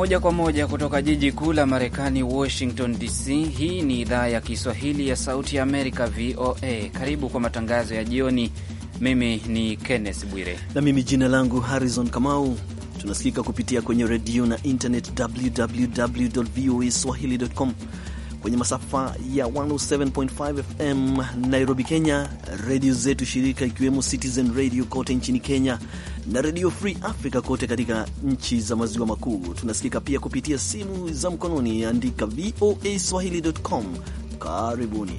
Moja kwa moja kutoka jiji kuu la Marekani, Washington DC. Hii ni idhaa ya Kiswahili ya Sauti ya Amerika, VOA. Karibu kwa matangazo ya jioni. Mimi ni Kenneth Bwire na mimi jina langu Harrison Kamau. Tunasikika kupitia kwenye redio na internet, www voa swahili.com, kwenye masafa ya 107.5 FM Nairobi, Kenya, redio zetu shirika ikiwemo Citizen Radio kote nchini Kenya na redio Free Africa kote katika nchi za maziwa makuu. Tunasikika pia kupitia simu za mkononi, andika voa swahili.com. Karibuni.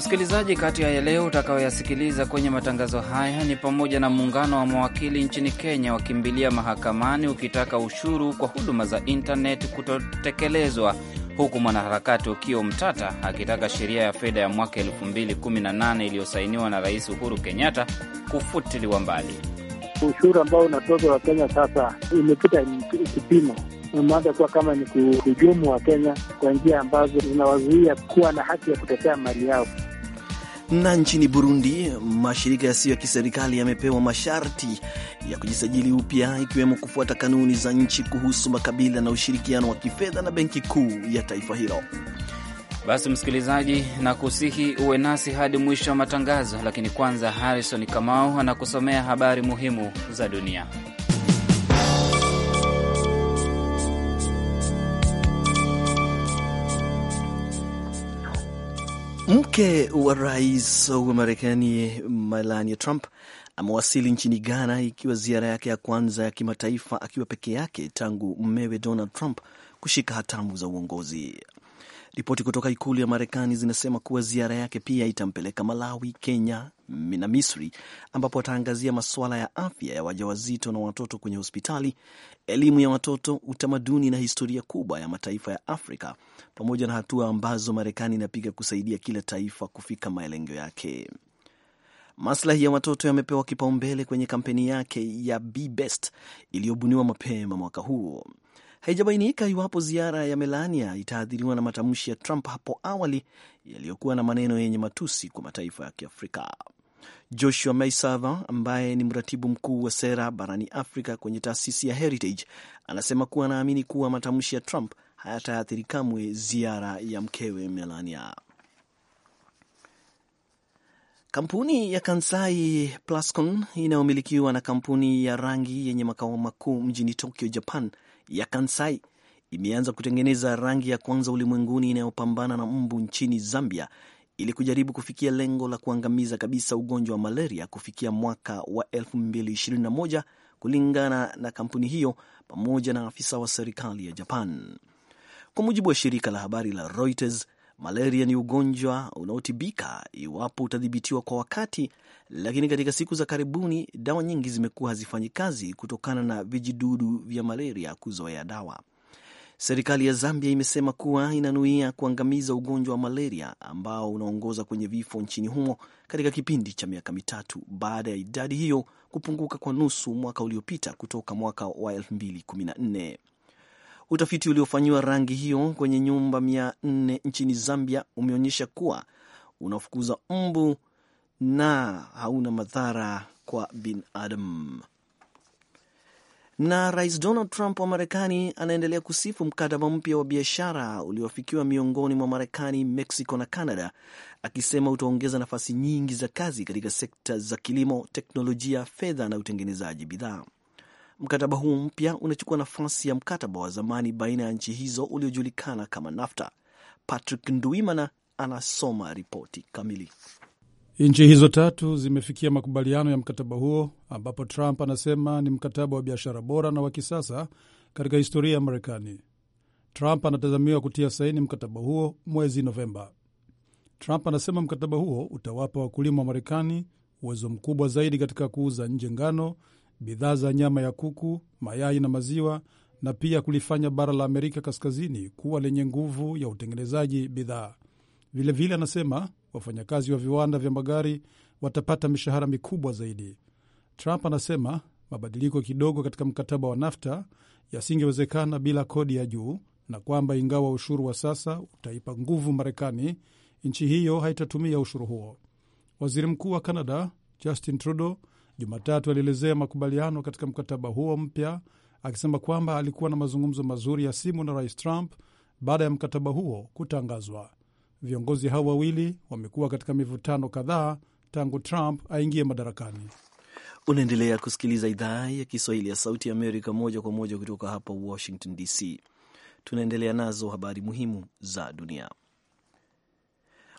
Msikilizaji, kati ya leo utakayoyasikiliza kwenye matangazo haya ni pamoja na muungano wa mawakili nchini Kenya wakimbilia mahakamani ukitaka ushuru kwa huduma za intaneti kutotekelezwa, huku mwanaharakati Ukio Mtata akitaka sheria ya fedha ya mwaka 2018 iliyosainiwa na Rais Uhuru Kenyatta kufutiliwa mbali. Ushuru ambao unatozwa Wakenya sasa imepita kipimo mada kuwa kama ni kuhujumu wa kenya kwa njia ambazo zinawazuia kuwa na haki ya kutetea mali yao. Na nchini Burundi, mashirika yasiyo ya kiserikali yamepewa masharti ya kujisajili upya, ikiwemo kufuata kanuni za nchi kuhusu makabila na ushirikiano wa kifedha na benki kuu ya taifa hilo. Basi msikilizaji, na kusihi uwe nasi hadi mwisho wa matangazo, lakini kwanza Harrison Kamau anakusomea habari muhimu za dunia. Mke wa rais wa Marekani Melania Trump amewasili nchini Ghana ikiwa ziara yake ya kwanza ya kimataifa akiwa peke yake tangu mmewe Donald Trump kushika hatamu za uongozi. Ripoti kutoka ikulu ya Marekani zinasema kuwa ziara yake pia itampeleka Malawi, Kenya na Misri, ambapo ataangazia masuala ya afya ya wajawazito na watoto kwenye hospitali, elimu ya watoto, utamaduni na historia kubwa ya mataifa ya Afrika, pamoja na hatua ambazo Marekani inapiga kusaidia kila taifa kufika malengo yake. Maslahi ya watoto yamepewa kipaumbele kwenye kampeni yake ya Be Best iliyobuniwa mapema mwaka huo. Haijabainika iwapo ziara ya Melania itaathiriwa na matamshi ya Trump hapo awali yaliyokuwa na maneno yenye matusi kwa mataifa ya Kiafrika. Joshua Maisava ambaye ni mratibu mkuu wa sera barani Afrika kwenye taasisi ya Heritage anasema kuwa anaamini kuwa matamshi ya Trump hayataathiri kamwe ziara ya mkewe Melania. Kampuni ya Kansai Plascon inayomilikiwa na kampuni ya rangi yenye makao makuu mjini Tokyo, Japan, ya Kansai imeanza kutengeneza rangi ya kwanza ulimwenguni inayopambana na mbu nchini Zambia ili kujaribu kufikia lengo la kuangamiza kabisa ugonjwa wa malaria kufikia mwaka wa 2021 kulingana na kampuni hiyo pamoja na afisa wa serikali ya Japan. Kwa mujibu wa shirika la habari la Reuters, malaria ni ugonjwa unaotibika iwapo utadhibitiwa kwa wakati lakini katika siku za karibuni dawa nyingi zimekuwa hazifanyi kazi kutokana na vijidudu vya malaria kuzoea dawa. Serikali ya Zambia imesema kuwa inanuia kuangamiza ugonjwa wa malaria ambao unaongoza kwenye vifo nchini humo katika kipindi cha miaka mitatu baada ya idadi hiyo kupunguka kwa nusu mwaka uliopita kutoka mwaka wa 2014. Utafiti uliofanyiwa rangi hiyo kwenye nyumba mia nchini Zambia umeonyesha kuwa unafukuza mbu na hauna madhara kwa binadamu. Na Rais Donald Trump wa Marekani anaendelea kusifu mkataba mpya wa biashara uliofikiwa miongoni mwa Marekani, Mexico na Canada, akisema utaongeza nafasi nyingi za kazi katika sekta za kilimo, teknolojia, fedha na utengenezaji bidhaa. Mkataba huu mpya unachukua nafasi ya mkataba wa zamani baina ya nchi hizo uliojulikana kama NAFTA. Patrick Nduimana anasoma ripoti kamili. Nchi hizo tatu zimefikia makubaliano ya mkataba huo ambapo Trump anasema ni mkataba wa biashara bora na wa kisasa katika historia ya Marekani. Trump anatazamiwa kutia saini mkataba huo mwezi Novemba. Trump anasema mkataba huo utawapa wakulima wa Marekani uwezo mkubwa zaidi katika kuuza nje ngano, bidhaa za nyama ya kuku, mayai na maziwa, na pia kulifanya bara la Amerika Kaskazini kuwa lenye nguvu ya utengenezaji bidhaa. Vilevile anasema wafanyakazi wa viwanda vya magari watapata mishahara mikubwa zaidi. Trump anasema mabadiliko kidogo katika mkataba wa NAFTA yasingewezekana bila kodi ya juu na kwamba ingawa ushuru wa sasa utaipa nguvu Marekani, nchi hiyo haitatumia ushuru huo. Waziri Mkuu wa Kanada Justin Trudeau Jumatatu alielezea makubaliano katika mkataba huo mpya akisema kwamba alikuwa na mazungumzo mazuri ya simu na Rais Trump baada ya mkataba huo kutangazwa. Viongozi hao wawili wamekuwa katika mivutano kadhaa tangu Trump aingie madarakani. Unaendelea kusikiliza idhaa ya Kiswahili ya Sauti ya Amerika moja kwa moja kutoka hapa Washington DC. Tunaendelea nazo habari muhimu za dunia.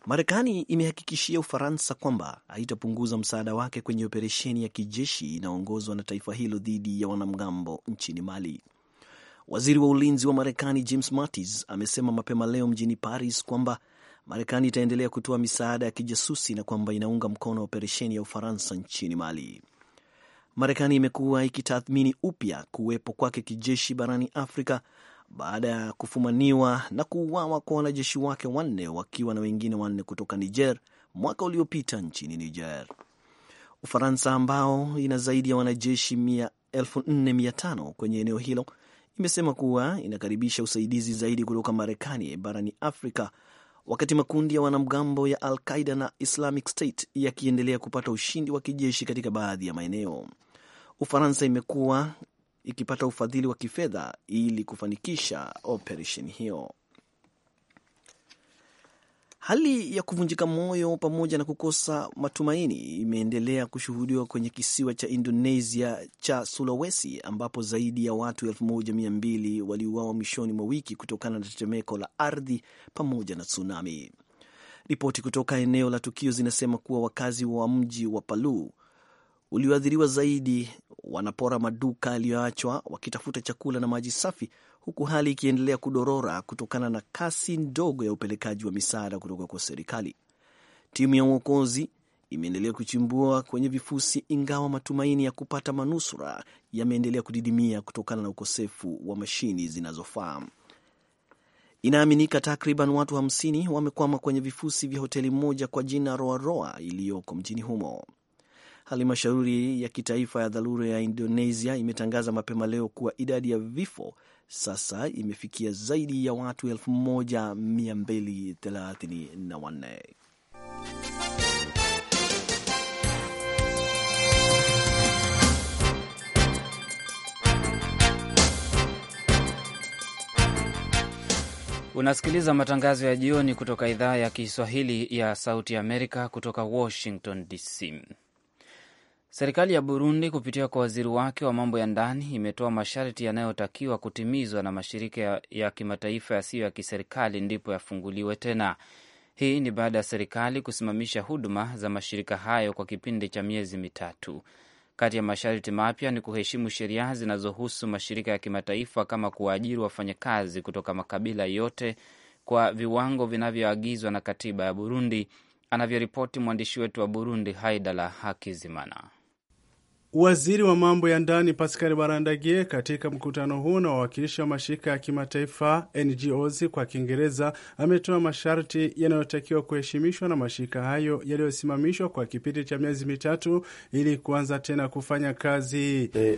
Marekani imehakikishia Ufaransa kwamba haitapunguza msaada wake kwenye operesheni ya kijeshi inayoongozwa na taifa hilo dhidi ya wanamgambo nchini Mali. Waziri wa ulinzi wa Marekani James Mattis amesema mapema leo mjini Paris kwamba Marekani itaendelea kutoa misaada ya kijasusi na kwamba inaunga mkono operesheni ya Ufaransa nchini Mali. Marekani imekuwa ikitathmini upya kuwepo kwake kijeshi barani Afrika baada ya kufumaniwa na kuuawa kwa wanajeshi wake wanne wakiwa na wengine wanne kutoka Niger mwaka uliopita nchini Niger. Ufaransa ambao ina zaidi ya wanajeshi 45 kwenye eneo hilo imesema kuwa inakaribisha usaidizi zaidi kutoka Marekani barani Afrika wakati makundi ya wanamgambo ya Al Qaida na Islamic State yakiendelea kupata ushindi wa kijeshi katika baadhi ya maeneo. Ufaransa imekuwa ikipata ufadhili wa kifedha ili kufanikisha operesheni hiyo. Hali ya kuvunjika moyo pamoja na kukosa matumaini imeendelea kushuhudiwa kwenye kisiwa cha Indonesia cha Sulawesi ambapo zaidi ya watu 1200 waliuawa mwishoni mwa wiki kutokana na tetemeko la ardhi pamoja na tsunami. Ripoti kutoka eneo la tukio zinasema kuwa wakazi wa mji wa Palu ulioathiriwa zaidi wanapora maduka yaliyoachwa wakitafuta chakula na maji safi huku hali ikiendelea kudorora kutokana na kasi ndogo ya upelekaji wa misaada kutoka kwa serikali. Timu ya uokozi imeendelea kuchimbua kwenye vifusi, ingawa matumaini ya kupata manusura yameendelea kudidimia kutokana na ukosefu wa mashini zinazofaa. Inaaminika takriban watu hamsini wamekwama kwenye vifusi vya hoteli moja kwa jina Roaroa iliyoko mjini humo. Halmashauri ya kitaifa ya dharura ya Indonesia imetangaza mapema leo kuwa idadi ya vifo sasa imefikia zaidi ya watu 1234. Unasikiliza matangazo ya jioni kutoka idhaa ya Kiswahili ya Sauti Amerika kutoka Washington DC. Serikali ya Burundi kupitia kwa waziri wake wa mambo ya ndani imetoa masharti yanayotakiwa kutimizwa na mashirika ya, kimataifa yasiyo ya kiserikali ndipo yafunguliwe tena. Hii ni baada ya serikali kusimamisha huduma za mashirika hayo kwa kipindi cha miezi mitatu. Kati ya masharti mapya ni kuheshimu sheria zinazohusu mashirika ya kimataifa kama kuwaajiri wafanyakazi kutoka makabila yote kwa viwango vinavyoagizwa na katiba ya Burundi, anavyoripoti mwandishi wetu wa Burundi, Haidala Hakizimana. Waziri wa mambo ya ndani Pascal Barandagie katika mkutano huo na wawakilishi wa mashirika ya kimataifa NGOs kwa Kiingereza ametoa masharti yanayotakiwa kuheshimishwa na mashirika hayo yaliyosimamishwa kwa kipindi cha miezi mitatu ili kuanza tena kufanya kazi. eh,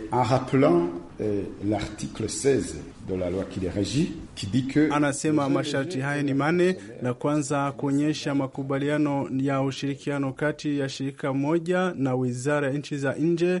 anasema masharti hayo ni mane. La kwanza kuonyesha makubaliano ya ushirikiano kati ya shirika moja na wizara ya nchi za nje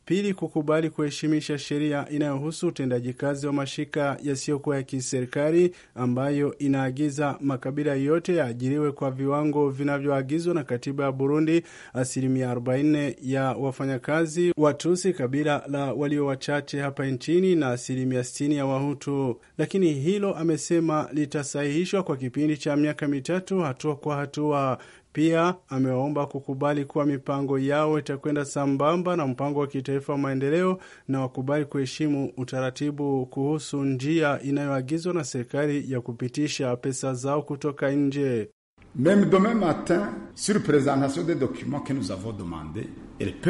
Pili, kukubali kuheshimisha sheria inayohusu utendaji kazi wa mashirika yasiyokuwa ya kiserikali ambayo inaagiza makabila yote yaajiriwe kwa viwango vinavyoagizwa na katiba ya Burundi, asilimia 40 ya wafanyakazi Watusi, kabila la walio wachache hapa nchini, na asilimia 60 ya Wahutu. Lakini hilo amesema litasahihishwa kwa kipindi cha miaka mitatu, hatua kwa hatua. Pia amewaomba kukubali kuwa mipango yao itakwenda sambamba na mpango wa kitaifa Mataifa wa maendeleo na wakubali kuheshimu utaratibu kuhusu njia inayoagizwa na serikali ya kupitisha pesa zao kutoka nje. Meme demain matin, sur presentation des documents que nous avons demande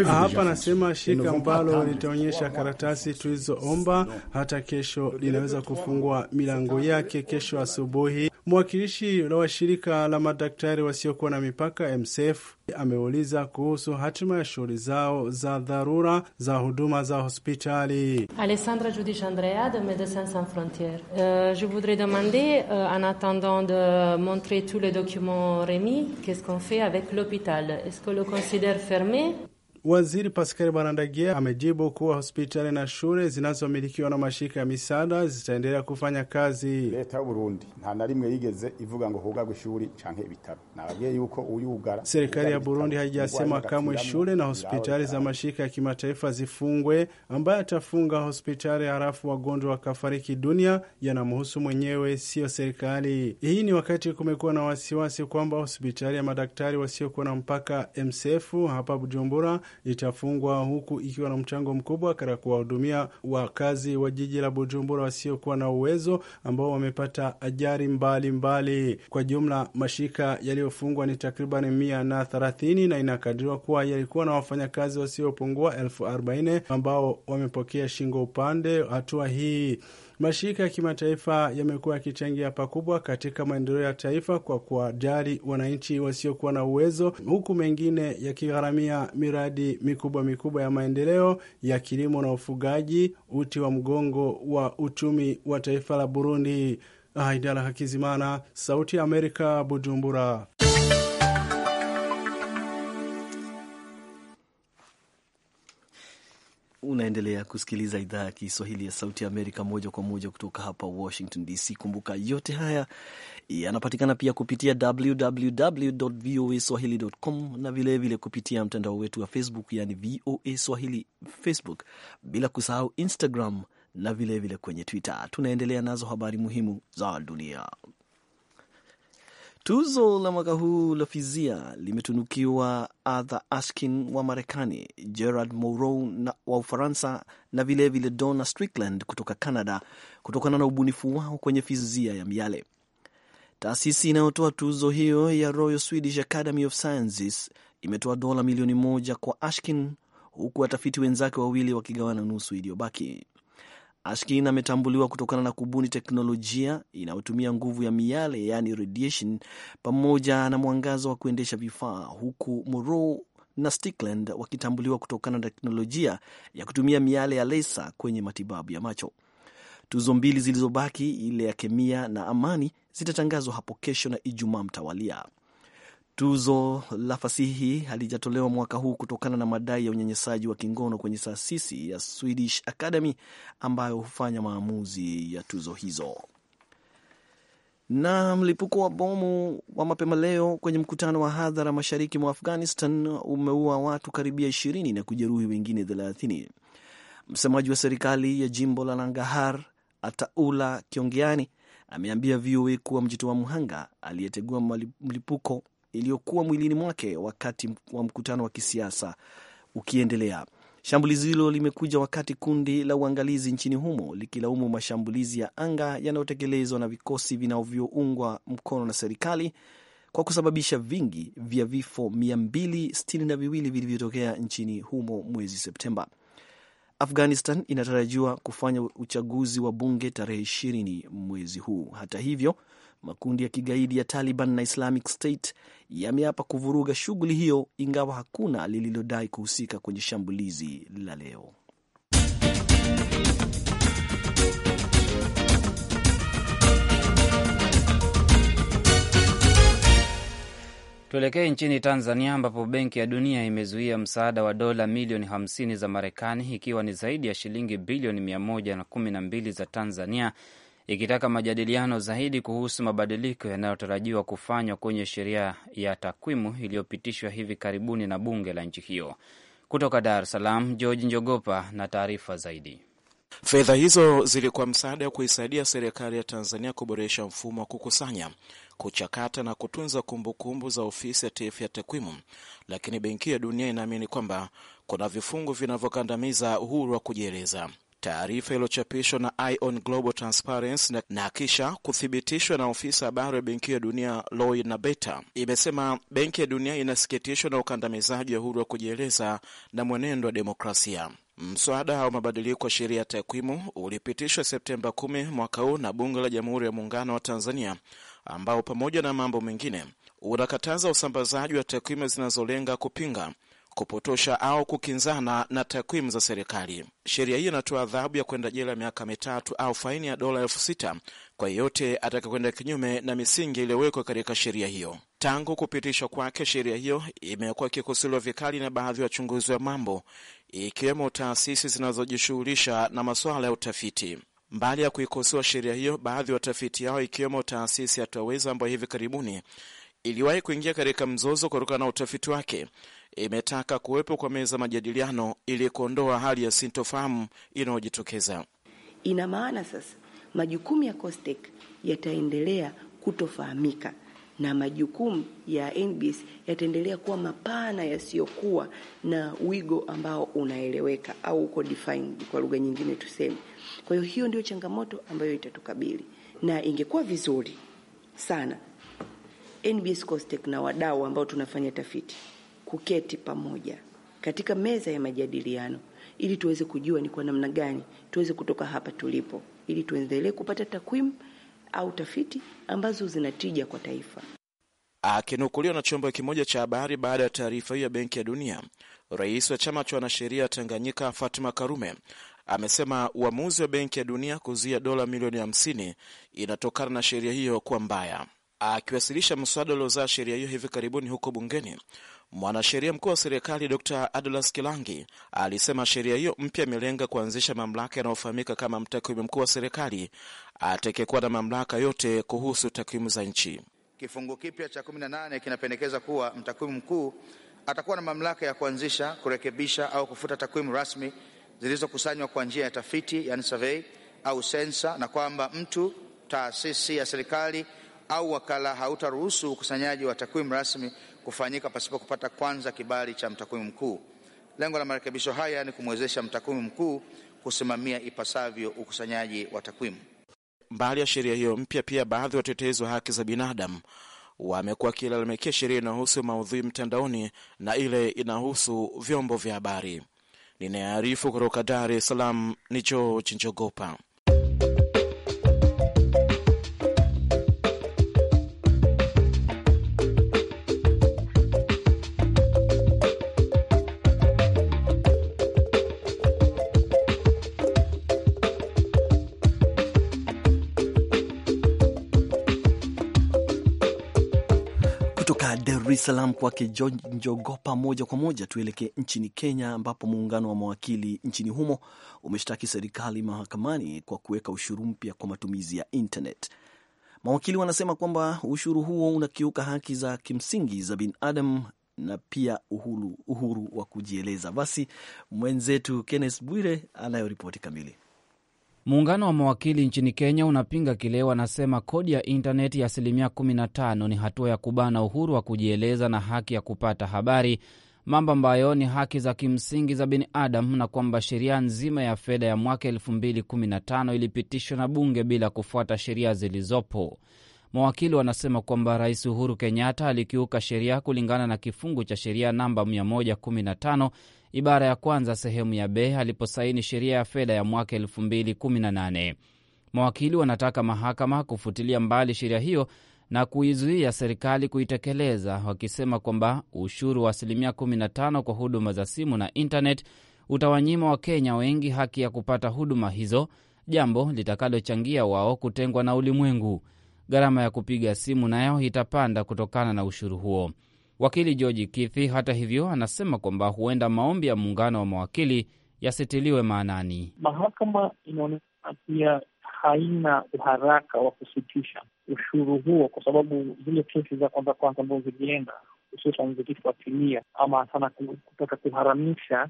hapa anasema shirika ambalo litaonyesha karatasi tulizoomba hata kesho linaweza kufungua milango yake kesho asubuhi. Mwakilishi wa shirika la madaktari wasiokuwa na mipaka MSF ameuliza kuhusu hatima ya shughuli zao za dharura za huduma za hospitali. Alessandra Judish Andrea de Medecins Sans Frontieres. Euh, je voudrais demander euh, en attendant de montrer tous les documents remis, qu'est-ce qu'on fait avec l'hôpital? Est-ce qu'on le considère fermé? Waziri Pascal barandagia amejibu kuwa hospitali na shule zinazomilikiwa na mashirika ya misaada zitaendelea kufanya kazi. leta y'uburundi nta na rimwe yigeze ivuga ngo hugagwe ishuri canke ibitaro nababwiye yuko uyugara. Serikali ya Burundi haijasema kamwe shule na hospitali za mashirika ya kimataifa zifungwe. Ambaye atafunga hospitali halafu wagonjwa wakafariki dunia yanamhusu mwenyewe, siyo serikali. Hii ni wakati kumekuwa na wasiwasi kwamba hospitali ya madaktari wasiokuwa na mpaka MSF hapa Bujumbura itafungwa huku ikiwa na mchango mkubwa katika kuwahudumia wakazi wa jiji la Bujumbura wasiokuwa na uwezo ambao wamepata ajali mbalimbali. Kwa jumla mashika yaliyofungwa ni takriban mia na thelathini na inakadiriwa kuwa yalikuwa na wafanyakazi wasiopungua elfu arobaini ambao wamepokea shingo upande hatua hii Mashirika ya kimataifa yamekuwa yakichangia pakubwa katika maendeleo ya taifa kwa kuwajali wananchi wasiokuwa na uwezo, huku mengine yakigharamia miradi mikubwa mikubwa ya maendeleo ya kilimo na ufugaji, uti wa mgongo wa uchumi wa taifa la Burundi. Haidara Hakizimana, Sauti ya Amerika, Bujumbura. Unaendelea kusikiliza idhaa ya Kiswahili ya Sauti ya Amerika moja kwa moja kutoka hapa Washington DC. Kumbuka yote haya yanapatikana pia kupitia www voa swahili.com na vilevile vile kupitia mtandao wetu wa Facebook, yani VOA Swahili Facebook, bila kusahau Instagram na vilevile vile kwenye Twitter. Tunaendelea nazo habari muhimu za dunia. Tuzo la mwaka huu la fizia limetunukiwa Arthur Askin wa Marekani, Gerard Mourou wa Ufaransa na vilevile Donna Strickland kutoka Canada kutokana na ubunifu wao kwenye fizia ya miale. Taasisi inayotoa tuzo hiyo ya Royal Swedish Academy of Sciences imetoa dola milioni moja kwa Ashkin huku watafiti wenzake wawili wakigawana nusu iliyobaki. Askin ametambuliwa kutokana na kubuni teknolojia inayotumia nguvu ya miale yani radiation, pamoja na mwangaza wa kuendesha vifaa, huku Moroe na Stickland wakitambuliwa kutokana na teknolojia ya kutumia miale ya lesa kwenye matibabu ya macho. Tuzo mbili zilizobaki, ile ya kemia na amani, zitatangazwa hapo kesho na Ijumaa mtawalia. Tuzo la fasihi halijatolewa mwaka huu kutokana na madai ya unyanyasaji wa kingono kwenye taasisi ya Swedish Academy ambayo hufanya maamuzi ya tuzo hizo. Na mlipuko wa bomu wa mapema leo kwenye mkutano wa hadhara mashariki mwa Afghanistan umeua watu karibia ishirini na kujeruhi wengine thelathini. Msemaji wa serikali ya jimbo la Nangahar Ataula kiongeani ameambia VOA kuwa mjitoa mhanga aliyetegua mlipuko iliyokuwa mwilini mwake wakati wa mkutano wa kisiasa ukiendelea. Shambulizi hilo limekuja wakati kundi la uangalizi nchini humo likilaumu mashambulizi ya anga yanayotekelezwa na vikosi vinavyoungwa mkono na serikali kwa kusababisha vingi vya vifo 262 vilivyotokea nchini humo mwezi Septemba. Afghanistan inatarajiwa kufanya uchaguzi wa bunge tarehe 20 mwezi huu. Hata hivyo, makundi ya kigaidi ya Taliban na Islamic State yameapa kuvuruga shughuli hiyo, ingawa hakuna lililodai kuhusika kwenye shambulizi la leo. Tuelekee nchini Tanzania ambapo Benki ya Dunia imezuia msaada wa dola milioni 50 za Marekani, ikiwa ni zaidi ya shilingi bilioni 112 za Tanzania ikitaka majadiliano zaidi kuhusu mabadiliko yanayotarajiwa kufanywa kwenye sheria ya takwimu iliyopitishwa hivi karibuni na bunge la nchi hiyo. Kutoka Dar es Salaam, George Njogopa na taarifa zaidi. Fedha hizo zilikuwa msaada wa kuisaidia serikali ya Tanzania kuboresha mfumo wa kukusanya, kuchakata na kutunza kumbukumbu -kumbu za ofisi ya taifa ya takwimu, lakini Benki ya Dunia inaamini kwamba kuna vifungu vinavyokandamiza uhuru wa kujieleza. Taarifa iliyochapishwa na Ion Global Transparency na, na kisha kuthibitishwa na ofisa habari ya Benki ya Dunia Loy Nabeta imesema Benki ya Dunia inasikitishwa na ukandamizaji wa uhuru wa kujieleza na mwenendo wa demokrasia. Mswada wa mabadiliko ya sheria ya takwimu ulipitishwa Septemba 10 mwaka huu na Bunge la Jamhuri ya Muungano wa Tanzania, ambao pamoja na mambo mengine unakataza usambazaji wa takwimu zinazolenga kupinga kupotosha au kukinzana na takwimu za serikali. Sheria hiyo inatoa adhabu ya kwenda jela miaka mitatu au faini ya dola elfu sita kwa yeyote atakakwenda kinyume na misingi iliyowekwa katika sheria hiyo. Tangu kupitishwa kwake, sheria hiyo imekuwa ikikosolewa vikali na baadhi ya wachunguzi wa mambo, ikiwemo taasisi zinazojishughulisha na masuala ya utafiti. Mbali ya kuikosoa sheria hiyo, baadhi ya watafiti hao ikiwemo taasisi ya Twaweza ambayo hivi karibuni iliwahi kuingia katika mzozo kutokana na utafiti wake imetaka kuwepo kwa meza majadiliano ili kuondoa hali ya sintofahamu inayojitokeza. Ina maana sasa majukumu ya COSTECH yataendelea kutofahamika na majukumu ya NBS yataendelea kuwa mapana yasiyokuwa na wigo ambao unaeleweka au uko defined kwa lugha nyingine tuseme. Kwa hiyo hiyo ndio changamoto ambayo itatukabili, na ingekuwa vizuri sana NBS COSTECH na wadau ambao tunafanya tafiti kuketi pamoja katika meza ya majadiliano ili tuweze kujua ni kwa namna gani tuweze kutoka hapa tulipo, ili tuendelee kupata takwimu au tafiti ambazo zinatija kwa taifa. Akinukuliwa na chombo kimoja cha habari baada ya taarifa hiyo ya Benki ya Dunia, rais wa chama cha wanasheria Tanganyika fatima Karume amesema uamuzi wa Benki ya Dunia kuzuia dola milioni 50 inatokana na sheria hiyo kuwa mbaya. Akiwasilisha mswada uliozaa sheria hiyo hivi karibuni huko bungeni, Mwanasheria mkuu wa serikali Dr Adolas Kilangi alisema sheria hiyo mpya imelenga kuanzisha mamlaka yanayofahamika kama mtakwimu mkuu wa serikali atakayekuwa na mamlaka yote kuhusu takwimu za nchi. Kifungu kipya cha 18 kinapendekeza kuwa mtakwimu mkuu atakuwa na mamlaka ya kuanzisha, kurekebisha au kufuta takwimu rasmi zilizokusanywa kwa njia ya tafiti, yani survey au sensa, na kwamba mtu, taasisi ya serikali au wakala hautaruhusu ukusanyaji wa takwimu rasmi kufanyika pasipo kupata kwanza kibali cha mtakwimu mkuu. Lengo la marekebisho haya ni kumwezesha mtakwimu mkuu kusimamia ipasavyo ukusanyaji wa takwimu. Mbali ya sheria hiyo mpya, pia baadhi ya watetezi wa haki za binadamu wamekuwa wakilalamikia sheria inayohusu maudhui mtandaoni na ile inahusu vyombo vya habari. Ninayearifu kutoka Dar es Salaam ni George Njogopa. Amri salam kwake Njogopa. Moja kwa moja tuelekee nchini Kenya, ambapo muungano wa mawakili nchini humo umeshtaki serikali mahakamani kwa kuweka ushuru mpya kwa matumizi ya internet. Mawakili wanasema kwamba ushuru huo unakiuka haki za kimsingi za binadamu na pia uhuru, uhuru wa kujieleza. Basi mwenzetu Kenneth Bwire anayoripoti kamili. Muungano wa mawakili nchini Kenya unapinga kile wanasema kodi ya intaneti ya asilimia 15 ni hatua ya kubana uhuru wa kujieleza na haki ya kupata habari, mambo ambayo ni haki za kimsingi za binadamu, na kwamba sheria nzima ya fedha ya mwaka 2015 ilipitishwa na bunge bila kufuata sheria zilizopo. Mawakili wanasema kwamba Rais Uhuru Kenyatta alikiuka sheria kulingana na kifungu cha sheria namba 115 ibara ya kwanza sehemu ya B aliposaini sheria ya fedha ya mwaka 2018. Mawakili wanataka mahakama kufutilia mbali sheria hiyo na kuizuia serikali kuitekeleza, wakisema kwamba ushuru wa asilimia 15 kwa huduma za simu na intanet utawanyima Wakenya wengi haki ya kupata huduma hizo, jambo litakalochangia wao kutengwa na ulimwengu. Gharama ya kupiga simu nayo itapanda kutokana na ushuru huo. Wakili George Kithi, hata hivyo, anasema kwamba huenda maombi ya muungano wa mawakili yasitiliwe maanani. Mahakama inaonekana pia haina uharaka wa kusitisha ushuru huo, kwa sababu zile kesi za kwanza kwanza ambazo zilienda hususan zikifuatilia ama sana kutaka kuharamisha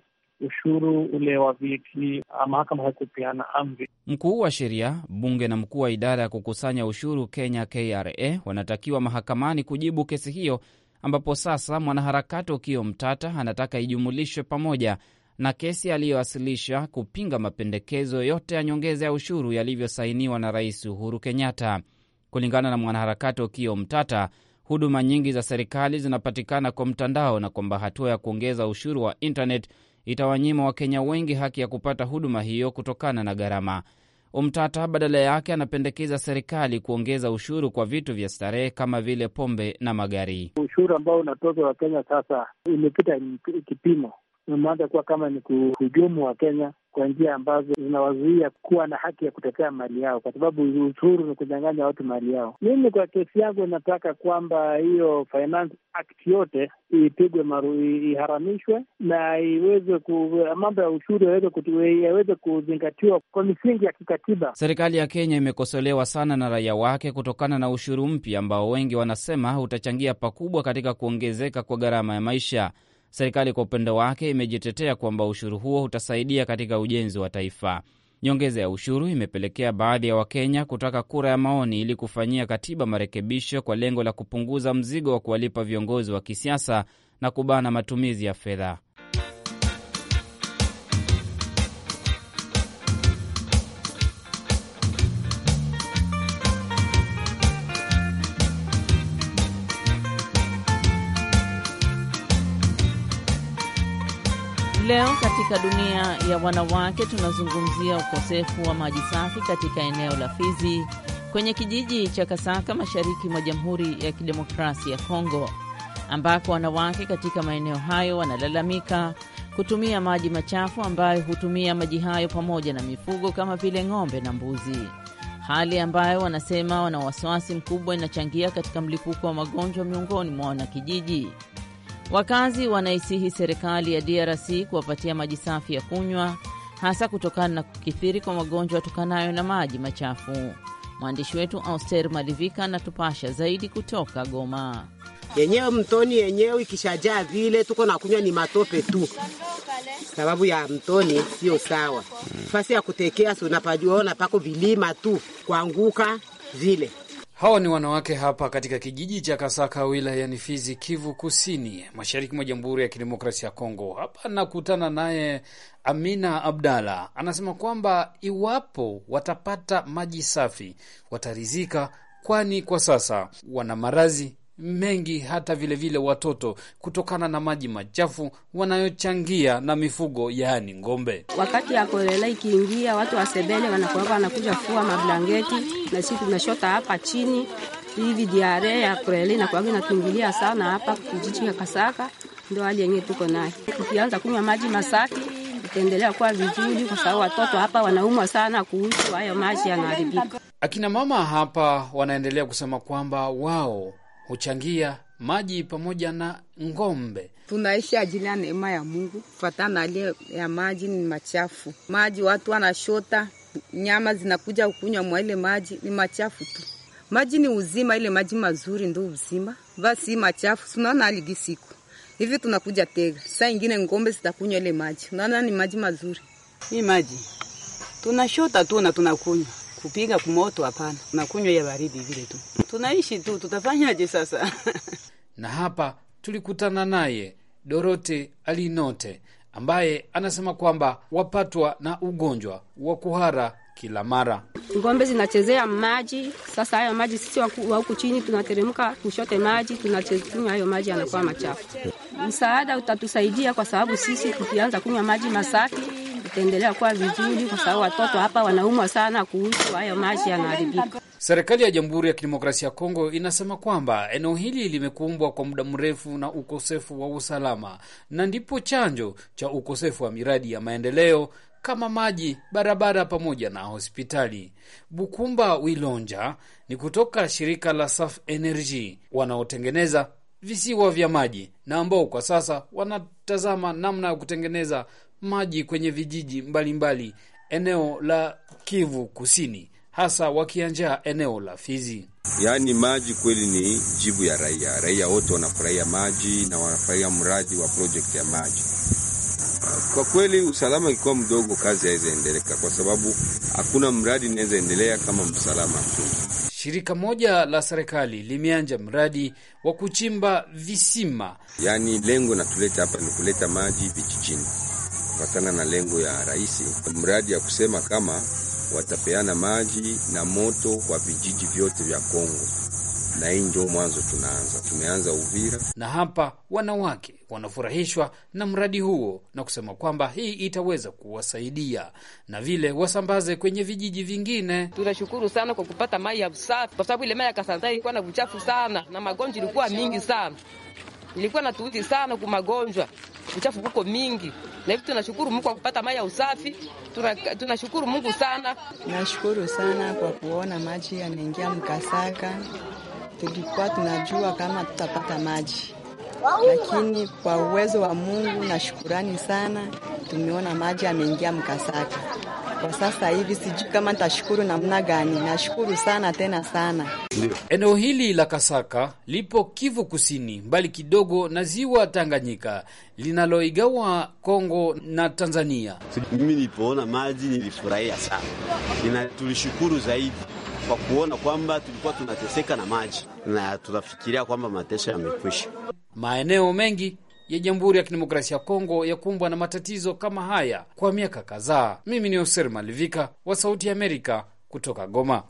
ushuru ule wa viti, ah, mahakama haikupeana amri. Mkuu wa sheria, bunge na mkuu wa idara ya kukusanya ushuru Kenya, KRA, wanatakiwa mahakamani kujibu kesi hiyo ambapo sasa mwanaharakati Ukio Mtata anataka ijumulishwe pamoja na kesi aliyowasilisha kupinga mapendekezo yote ya nyongeza ya ushuru yalivyosainiwa na Rais Uhuru Kenyatta. Kulingana na mwanaharakati Ukio Mtata, huduma nyingi za serikali zinapatikana kwa mtandao na kwamba hatua ya kuongeza ushuru wa intanet itawanyima Wakenya wengi haki ya kupata huduma hiyo kutokana na gharama. Umtata badala yake anapendekeza serikali kuongeza ushuru kwa vitu vya starehe kama vile pombe na magari. Ushuru ambao unatozwa Wakenya sasa imepita kipimo, imeanza kuwa kama ni kuhujumu Wakenya kwa njia ambazo zinawazuia kuwa na haki ya kutetea mali yao, kwa sababu ushuru ni kunyang'anya watu mali yao. Mimi kwa kesi yangu inataka kwamba hiyo Finance Act yote ipigwe maru, iharamishwe na iweze ku, mambo ya ushuru yaweze kuzingatiwa kwa misingi ya kikatiba. Serikali ya Kenya imekosolewa sana na raia wake kutokana na ushuru mpya ambao wengi wanasema utachangia pakubwa katika kuongezeka kwa gharama ya maisha. Serikali kwa upande wake imejitetea kwamba ushuru huo utasaidia katika ujenzi wa taifa. Nyongeza ya ushuru imepelekea baadhi ya Wakenya kutaka kura ya maoni ili kufanyia katiba marekebisho kwa lengo la kupunguza mzigo wa kuwalipa viongozi wa kisiasa na kubana matumizi ya fedha. Leo katika dunia ya wanawake tunazungumzia ukosefu wa maji safi katika eneo la Fizi kwenye kijiji cha Kasaka mashariki mwa Jamhuri ya Kidemokrasia ya Kongo ambako wanawake katika maeneo hayo wanalalamika kutumia maji machafu ambayo hutumia maji hayo pamoja na mifugo kama vile ng'ombe na mbuzi, hali ambayo wanasema wana wasiwasi mkubwa inachangia katika mlipuko wa magonjwa miongoni mwa wanakijiji. Wakazi wanaisihi serikali ya DRC kuwapatia maji safi ya kunywa, hasa kutokana na kukithiri kwa magonjwa yatokanayo na maji machafu. Mwandishi wetu Auster Malivika anatupasha zaidi kutoka Goma. Yenyewe mtoni yenyewe ikishajaa vile tuko na kunywa ni matope tu, sababu ya mtoni sio sawa. Fasi ya kutekea si unapajua, ona pako vilima tu kuanguka vile Hawa ni wanawake hapa katika kijiji cha Kasaka wilayani Fizi, Kivu Kusini, mashariki mwa Jamhuri ya Kidemokrasia ya Kongo. Hapa nakutana naye Amina Abdalla, anasema kwamba iwapo watapata maji safi watarizika, kwani kwa sasa wana maradhi mengi, hata vilevile vile watoto, kutokana na maji machafu wanayochangia na mifugo, yaani ng'ombe. Wakati ya kolela ikiingia, watu wasebele wanakuaka wanakuja fua mablangeti, na sisi tunashota hapa chini hivi diare ya kolela inakuaga inatungilia sana hapa kijiji ya Kasaka. Ndo hali yenyewe tuko naye. Tukianza kunywa maji masafi itaendelea kuwa vizuri, kwa sababu watoto hapa wanaumwa sana kuhusu hayo maji yanaharibika. Akina mama hapa wanaendelea kusema kwamba wao huchangia maji pamoja na ng'ombe. Tunaishi ajili ya neema ya Mungu, fatana hali ya maji ni machafu. Maji watu wanashota, nyama zinakuja kunywa mwa ile maji, ni machafu tu. Maji ni uzima, ile maji mazuri ndo uzima, basi machafu. Tunaona aligi siku hivi tunakuja tega, saa ingine ng'ombe zitakunywa ile maji. Unaona ni maji mazuri, hii maji tunashota tu na tunakunywa kupiga kumoto, hapana. Makunywa ya baridi vile tu, tunaishi tu, tutafanyaje sasa? na hapa tulikutana naye Dorote Alinote ambaye anasema kwamba wapatwa na ugonjwa wa kuhara kila mara ng'ombe zinachezea maji. Sasa hayo maji sisi wa huku chini tunateremka kushote maji, tunakunywa hayo maji, yanakuwa machafu. Msaada utatusaidia kwa sababu sisi tukianza kunywa maji masafi itaendelea kuwa vizuri, kwa sababu watoto hapa wanaumwa sana kuhusu hayo maji yanaharibika. Serikali ya Jamhuri ya Kidemokrasia ya Kongo inasema kwamba eneo hili limekumbwa kwa muda mrefu na ukosefu wa usalama, na ndipo chanjo cha ukosefu wa miradi ya maendeleo kama maji, barabara pamoja na hospitali. Bukumba Wilonja ni kutoka shirika la Saf Energy wanaotengeneza visiwa vya maji na ambao kwa sasa wanatazama namna ya kutengeneza maji kwenye vijiji mbalimbali mbali, eneo la Kivu Kusini, hasa wakianjaa eneo la Fizi. Yaani maji kweli ni jibu ya raia, raia wote wanafurahia maji na wanafurahia mradi wa projekti ya maji. Kwa kweli usalama ikiwa mdogo, kazi haiwezi endeleka, kwa sababu hakuna mradi inaweza endelea kama msalama tu. Shirika moja la serikali limeanja mradi wa kuchimba visima, yaani lengo natuleta hapa ni kuleta maji vijijini kufatana na lengo ya rais, mradi ya kusema kama watapeana maji na moto kwa vijiji vyote vya Kongo, na hii ndio mwanzo. Tunaanza, tumeanza Uvira na hapa wanawake wanafurahishwa na mradi huo na kusema kwamba hii itaweza kuwasaidia na vile wasambaze kwenye vijiji vingine. Tunashukuru sana kwa kupata maji ya usafi, kwa sababu ile maji ya Kasanda ilikuwa na uchafu sana na magonjwa ilikuwa mingi sana ilikuwa natuuti sana ku magonjwa, uchafu kuko mingi, na hivi tunashukuru Mungu kwa kupata maji ya usafi. Tunashukuru Mungu sana, nashukuru sana kwa kuona maji yanaingia Mkasaka. Tulikuwa tunajua kama tutapata maji, lakini kwa uwezo wa Mungu na shukurani sana tumeona maji yameingia Mkasaka. Kwa sasa hivi sijui kama nitashukuru namna gani. Nashukuru sana tena sana. Eneo hili la Kasaka lipo Kivu Kusini, mbali kidogo na ziwa Tanganyika linaloigawa Kongo na Tanzania. Mimi nilipoona maji nilifurahia sana, nina tulishukuru zaidi kwa kuona kwamba tulikuwa tunateseka na maji na tunafikiria kwamba mateso yamekwisha. Maeneo mengi ya Jamhuri ya Kidemokrasia ya Kongo yakumbwa na matatizo kama haya kwa miaka kadhaa. Mimi ni Hoser Malivika wa Sauti ya Amerika kutoka Goma.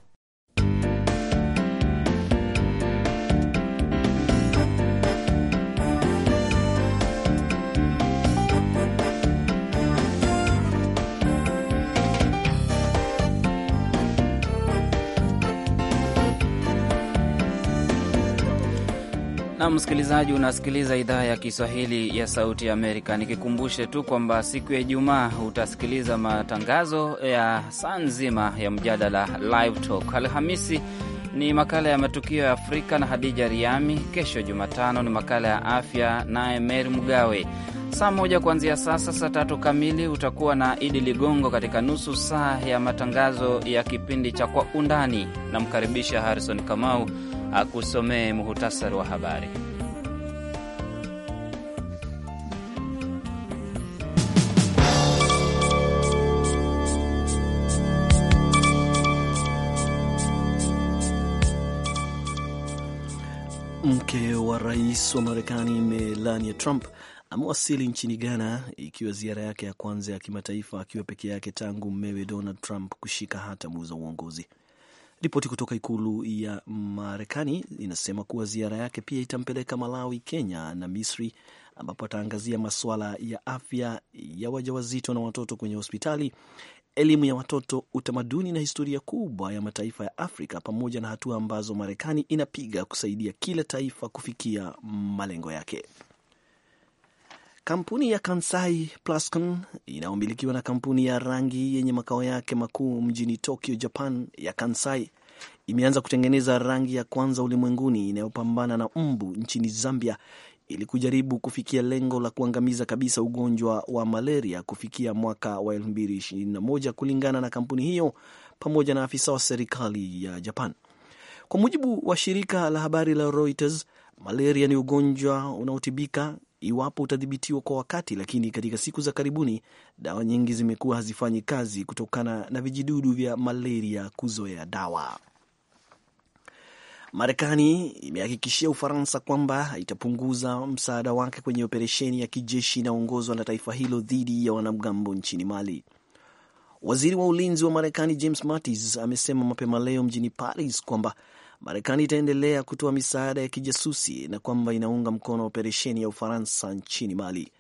na msikilizaji, unasikiliza idhaa ya Kiswahili ya Sauti ya Amerika. Nikikumbushe tu kwamba siku ya Ijumaa utasikiliza matangazo ya saa nzima ya mjadala Live Talk. Alhamisi ni makala ya matukio ya Afrika na Hadija Riami. Kesho Jumatano ni makala ya afya naye Meri Mgawe. Saa moja kuanzia sasa, saa tatu kamili utakuwa na Idi Ligongo katika nusu saa ya matangazo ya kipindi cha Kwa Undani. Namkaribisha Harrison Kamau akusomee muhutasari wa habari. Mke wa rais wa Marekani Melania Trump amewasili nchini Ghana ikiwa ziara yake ya kwanza ya kimataifa akiwa peke yake tangu mmewe Donald Trump kushika hatamu za uongozi. Ripoti kutoka ikulu ya Marekani inasema kuwa ziara yake pia itampeleka Malawi, Kenya na Misri, ambapo ataangazia masuala ya afya ya wajawazito na watoto kwenye hospitali, elimu ya watoto, utamaduni na historia kubwa ya mataifa ya Afrika, pamoja na hatua ambazo Marekani inapiga kusaidia kila taifa kufikia malengo yake. Kampuni ya Kansai Plascon inayomilikiwa na kampuni ya rangi yenye makao yake makuu mjini Tokyo, Japan ya Kansai imeanza kutengeneza rangi ya kwanza ulimwenguni inayopambana na mbu nchini Zambia ili kujaribu kufikia lengo la kuangamiza kabisa ugonjwa wa malaria kufikia mwaka wa 2021 kulingana na kampuni hiyo pamoja na afisa wa serikali ya Japan. Kwa mujibu wa shirika la habari la Reuters, malaria ni ugonjwa unaotibika iwapo utadhibitiwa kwa wakati, lakini katika siku za karibuni dawa nyingi zimekuwa hazifanyi kazi kutokana na vijidudu vya malaria kuzoea dawa. Marekani imehakikishia Ufaransa kwamba itapunguza msaada wake kwenye operesheni ya kijeshi inayoongozwa na taifa hilo dhidi ya wanamgambo nchini Mali. Waziri wa ulinzi wa Marekani James Mattis amesema mapema leo mjini Paris kwamba Marekani itaendelea kutoa misaada ya kijasusi na kwamba inaunga mkono operesheni ya Ufaransa nchini Mali.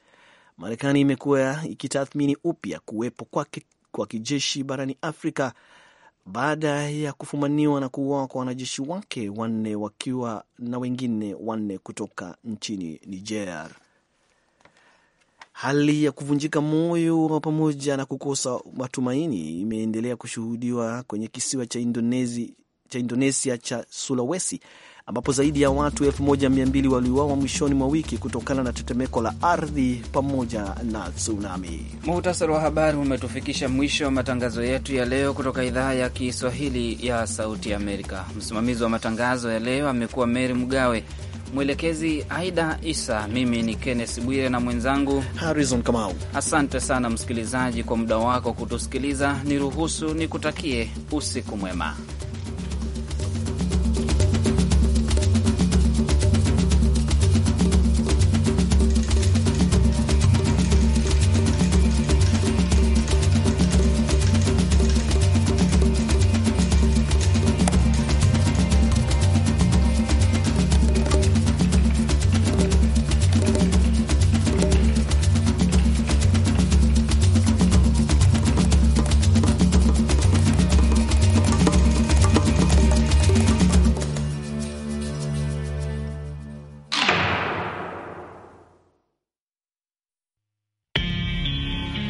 Marekani imekuwa ikitathmini upya kuwepo kwake kwa kijeshi barani Afrika baada ya kufumaniwa na kuuawa kwa wanajeshi wake wanne wakiwa na wengine wanne kutoka nchini Niger. Hali ya kuvunjika moyo wa pamoja na kukosa matumaini imeendelea kushuhudiwa kwenye kisiwa cha Indonesi cha Indonesia cha Sulawesi ambapo zaidi ya watu 1200 waliuawa mwishoni mwa wiki kutokana na tetemeko la ardhi pamoja na tsunami. Muhtasari wa habari umetufikisha mwisho wa matangazo yetu ya leo kutoka idhaa ya Kiswahili ya Sauti Amerika. Msimamizi wa matangazo ya leo amekuwa Meri Mgawe, mwelekezi Aida Isa. Mimi ni kennes Bwire na mwenzangu Harrison Kamau. Asante sana msikilizaji kwa muda wako kutusikiliza. Niruhusu nikutakie usiku mwema.